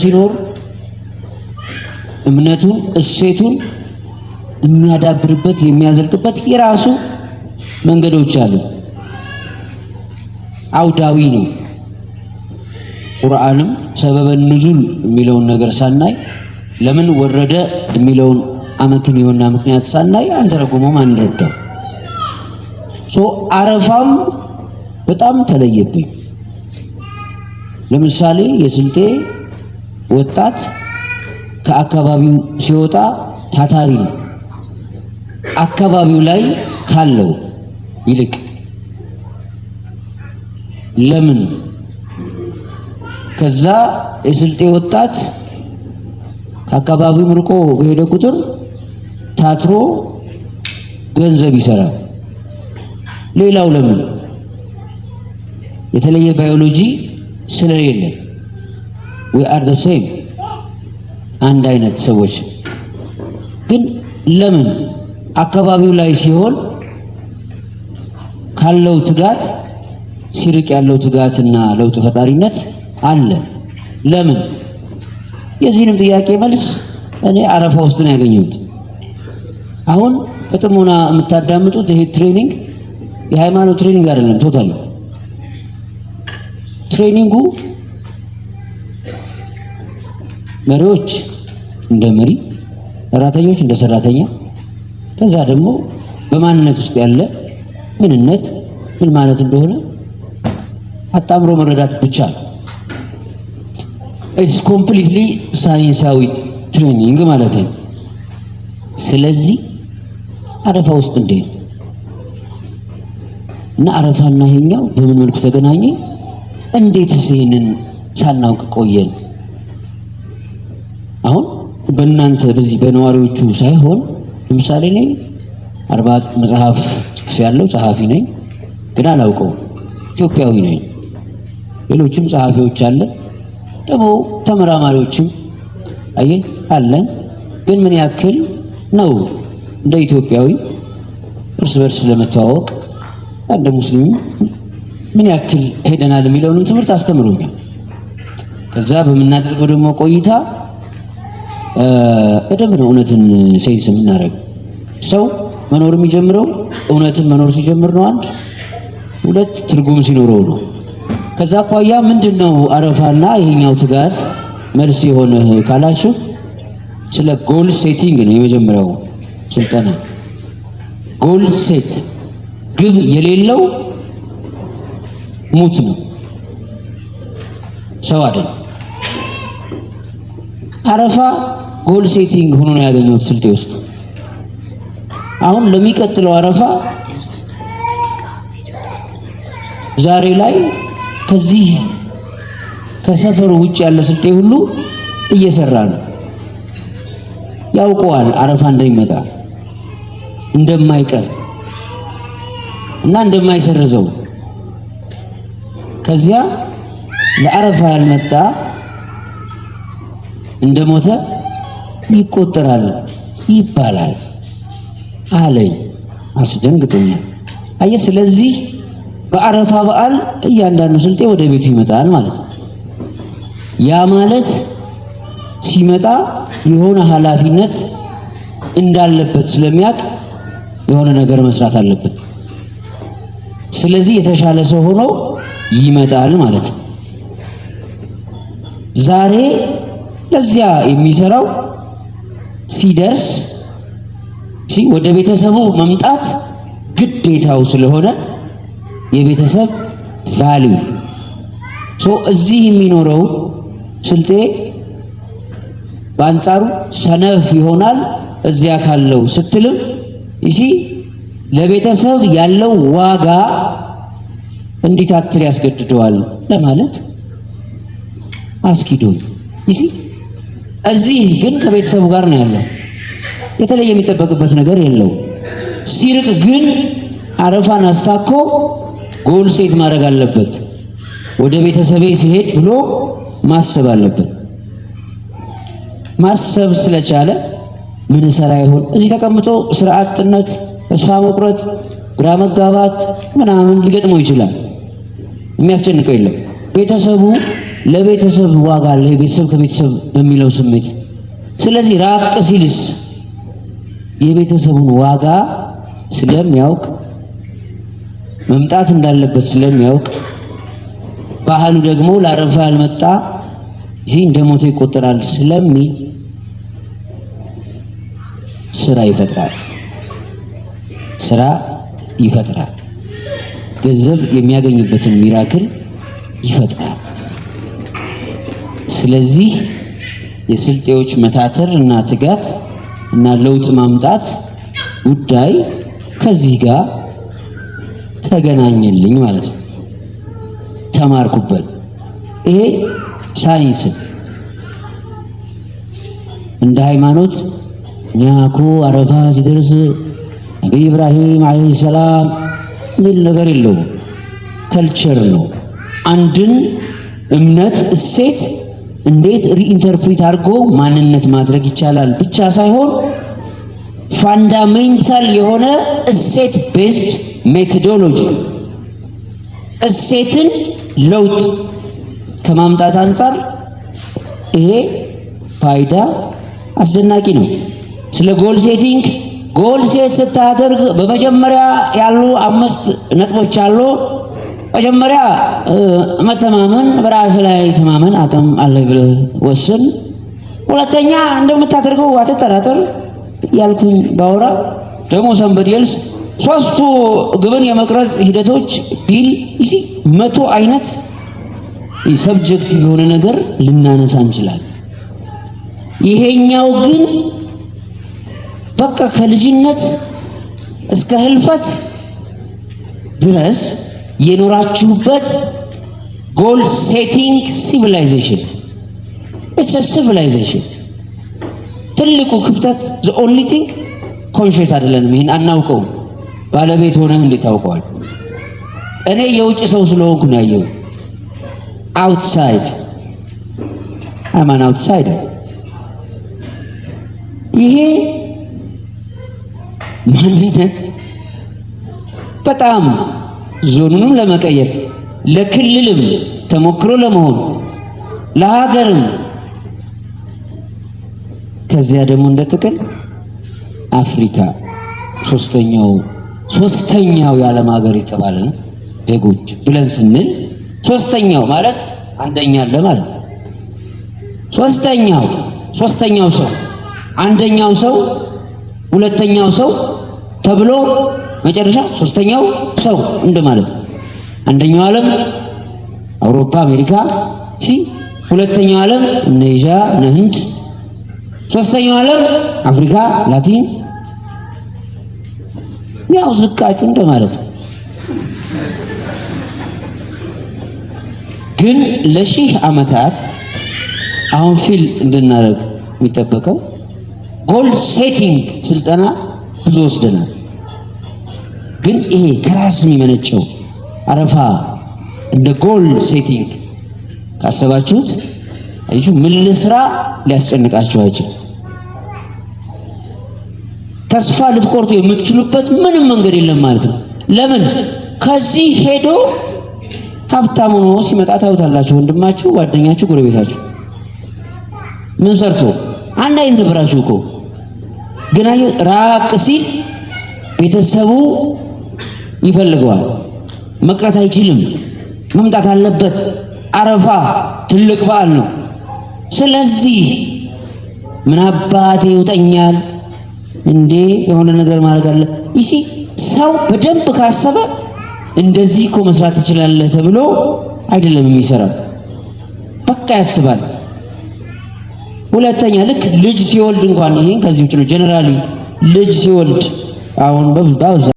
ሲኖር እምነቱን እሴቱን የሚያዳብርበት የሚያዘልቅበት የራሱ መንገዶች አሉ። አውዳዊ ነው። ቁርአንም ሰበበ ንዙል የሚለውን ነገር ሳናይ ለምን ወረደ የሚለውን አመክን የሆና ምክንያት ሳናይ አንተረጉሞም አንረዳው። ሶ አረፋም በጣም ተለየብኝ። ለምሳሌ የስልጤ ወጣት ከአካባቢው ሲወጣ ታታሪ ነው። አካባቢው ላይ ካለው ይልቅ ለምን ከዛ የስልጤ ወጣት ከአካባቢው ርቆ በሄደ ቁጥር ታትሮ ገንዘብ ይሰራል። ሌላው ለምን የተለየ ባዮሎጂ ስለሌለን ዊ አር ዘ ሴም አንድ አይነት ሰዎች። ግን ለምን አካባቢው ላይ ሲሆን ካለው ትጋት ሲርቅ ያለው ትጋትና ለውጥ ፈጣሪነት አለ። ለምን? የዚህንም ጥያቄ መልስ እኔ አረፋ ውስጥ ነው ያገኘሁት። አሁን በጥሞና የምታዳምጡት ይሄ ትሬኒንግ የሃይማኖት ትሬኒንግ አይደለም። ቶታል ትሬኒንጉ መሪዎች እንደ መሪ፣ ሰራተኞች እንደ ሰራተኛ፣ ከዛ ደግሞ በማንነት ውስጥ ያለ ምንነት ምን ማለት እንደሆነ አጣምሮ መረዳት ብቻ ኢትስ ኮምፕሊትሊ ሳይንሳዊ ትሬኒንግ ማለት ነው። ስለዚህ አረፋ ውስጥ እንዴ ነው እና አረፋና ይሄኛው በምን መልኩ ተገናኘ? እንዴትስ ይህንን ሳናውቅ ቆየን? አሁን በእናንተ በዚህ በነዋሪዎቹ ሳይሆን ለምሳሌ እኔ አርባ መጽሐፍ ጽፍ ያለው ጸሐፊ ነኝ፣ ግን አላውቀውም። ኢትዮጵያዊ ነኝ። ሌሎችም ጸሐፊዎች አለን፣ ደግሞ ተመራማሪዎችም አየ አለን። ግን ምን ያክል ነው እንደ ኢትዮጵያዊ እርስ በርስ ለመተዋወቅ እንደ ሙስሊም ምን ያክል ሄደናል የሚለውንም ትምህርት አስተምሮኛል። ከዛ በምናደርገው ደግሞ ቆይታ በደንብ ነው እውነትን ሴንስ የምናደርገው። ሰው መኖር የሚጀምረው እውነትን መኖር ሲጀምር ነው። አንድ ሁለት ትርጉም ሲኖረው ነው። ከዛ አኳያ ምንድን ነው አረፋና ይሄኛው ትጋት መልስ የሆነ ካላችሁ ስለ ጎል ሴቲንግ ነው የመጀመሪያው ስልጠና። ጎል ሴት ግብ የሌለው ሙት ነው፣ ሰው አይደለም። አረፋ ጎል ሴቲንግ ሆኖ ነው ያገኘሁት ስልጤ ውስጥ። አሁን ለሚቀጥለው አረፋ ዛሬ ላይ ከዚህ ከሰፈሩ ውጭ ያለ ስልጤ ሁሉ እየሰራ ነው። ያውቀዋል አረፋ እንደሚመጣ እንደማይቀር እና እንደማይሰርዘው ከዚያ ለአረፋ ያልመጣ እንደሞተ ይቆጠራል ይባላል አለኝ። አስደንግጦኛል። አየህ፣ ስለዚህ በአረፋ በዓል እያንዳንዱ ስልጤ ወደ ቤቱ ይመጣል ማለት ነው። ያ ማለት ሲመጣ የሆነ ኃላፊነት እንዳለበት ስለሚያውቅ የሆነ ነገር መስራት አለበት። ስለዚህ የተሻለ ሰው ሆኖ ይመጣል ማለት ነው። ዛሬ ለዚያ የሚሰራው ሲደርስ ወደ ቤተሰቡ መምጣት ግዴታው ስለሆነ የቤተሰብ ቫሊዩ ሶ እዚህ የሚኖረው ስልጤ በአንጻሩ ሰነፍ ይሆናል። እዚያ ካለው ስትልም እሺ ለቤተሰብ ያለው ዋጋ እንዲታትር ያስገድደዋል ለማለት አስኪዶኝ እሺ እዚህ ግን ከቤተሰቡ ጋር ነው ያለው። የተለየ የሚጠበቅበት ነገር የለው። ሲርቅ ግን አረፋን አስታኮ ጎል ሴት ማድረግ አለበት። ወደ ቤተሰቤ ሲሄድ ብሎ ማሰብ አለበት። ማሰብ ስለቻለ ምን ሰራ ይሆን? እዚህ ተቀምጦ ስራ አጥነት፣ ተስፋ መቁረጥ፣ ግራ መጋባት ምናምን ሊገጥመው ይችላል። የሚያስጨንቀው የለም ቤተሰቡ ለቤተሰብ ዋጋ አለ። ቤተሰብ ከቤተሰብ በሚለው ስሜት ስለዚህ ራቅ ሲልስ የቤተሰቡን ዋጋ ስለሚያውቅ መምጣት እንዳለበት ስለሚያውቅ ባህሉ ደግሞ ለአረፋ ያልመጣ እዚህ እንደሞተ ይቆጠራል ስለሚል ስራ ይፈጥራል። ስራ ይፈጥራል። ገንዘብ የሚያገኝበትን ሚራክል ይፈጥራል። ስለዚህ የስልጤዎች መታተር እና ትጋት እና ለውጥ ማምጣት ጉዳይ ከዚህ ጋር ተገናኘልኝ ማለት ነው። ተማርኩበት። ይሄ ሳይንስ እንደ ሃይማኖት እኛ እኮ አረፋ ሲደርስ ነቢይ ኢብራሂም ዓለይሂ ሰላም የሚል ነገር የለውም። ከልቸር ነው። አንድን እምነት እሴት እንዴት ሪኢንተርፕሪት አድርጎ ማንነት ማድረግ ይቻላል ብቻ ሳይሆን ፋንዳሜንታል የሆነ እሴት ቤዝድ ሜቶዶሎጂ እሴትን ለውጥ ከማምጣት አንጻር ይሄ ፋይዳ አስደናቂ ነው። ስለ ጎል ሴቲንግ ጎል ሴት ስታደርግ በመጀመሪያ ያሉ አምስት ነጥቦች አሉ። መጀመሪያ መተማመን በራስ ላይ ተማመን፣ አቅም አለ ብለህ ወስን። ሁለተኛ እንደምታደርገው አትጠራጠር ያልኩኝ ባወራ ደግሞ ሰንበድ የልስ ሶስቱ ግብን የመቅረጽ ሂደቶች ቢል እዚህ መቶ አይነት ሰብጀክት የሆነ ነገር ልናነሳ እንችላለን። ይሄኛው ግን በቃ ከልጅነት እስከ ህልፈት ድረስ የኖራችሁበት ጎል ሴቲንግ ሲቪላይዜሽን ኢትስ ሲቪላይዜሽን ትልቁ ክፍተት ዘ ኦንሊ ቲንግ ኮንሽስ አይደለንም። ይህን አናውቀውም። ባለቤት ሆነህ እንዴት ታውቀዋል? እኔ የውጭ ሰው ስለሆንኩ ነው ያየሁት። አውትሳይድ አማን አውትሳይድ ይሄ ማንነት በጣም ዞኑንም ለመቀየር ለክልልም ተሞክሮ ለመሆን ለሀገርም ከዚያ ደግሞ እንደ ጥቅል አፍሪካ ሶስተኛው ሶስተኛው የዓለም ሀገር የተባለ ነው። ዜጎች ብለን ስንል ሶስተኛው ማለት አንደኛ አለ ማለት ሶስተኛው ሶስተኛው ሰው አንደኛው ሰው ሁለተኛው ሰው ተብሎ መጨረሻ ሶስተኛው ሰው እንደማለት ነው። አንደኛው ዓለም አውሮፓ፣ አሜሪካ ሲ ሁለተኛው ዓለም እነ ኤዥያ እነ ህንድ፣ ሶስተኛው ዓለም አፍሪካ፣ ላቲን ያው ዝቃጩ እንደማለት ነው። ግን ለሺህ ዓመታት አሁን ፊል እንድናደርግ የሚጠበቀው ጎል ሴቲንግ ስልጠና ብዙ ወስደናል። ግን ይሄ ከራስ የሚመነጨው አረፋ እንደ ጎል ሴቲንግ ካሰባችሁት አይሹ ምን ልስራ ሊያስጨንቃችሁ አይችል። ተስፋ ልትቆርጡ የምትችሉበት ምንም መንገድ የለም ማለት ነው። ለምን ከዚህ ሄዶ ሀብታም ሆኖ ሲመጣ ታዩታላችሁ። ወንድማችሁ፣ ጓደኛችሁ፣ ጎረቤታችሁ ምን ሰርቶ አንድ አይነት ነበራችሁ እኮ ግን ራቅ ሲል ቤተሰቡ ይፈልገዋል። መቅረት አይችልም። መምጣት አለበት። አረፋ ትልቅ በዓል ነው። ስለዚህ ምን አባቴ ይውጠኛል እንዴ? የሆነ ነገር ማድረግ አለ። ይሲ ሰው በደንብ ካሰበ እንደዚህ እኮ መስራት ትችላለህ ተብሎ አይደለም የሚሰራው። በቃ ያስባል። ሁለተኛ ልክ ልጅ ሲወልድ እንኳን ይሄን ከዚህ ውጭ ነው ጀነራሊ ልጅ ሲወልድ አሁን በብዛት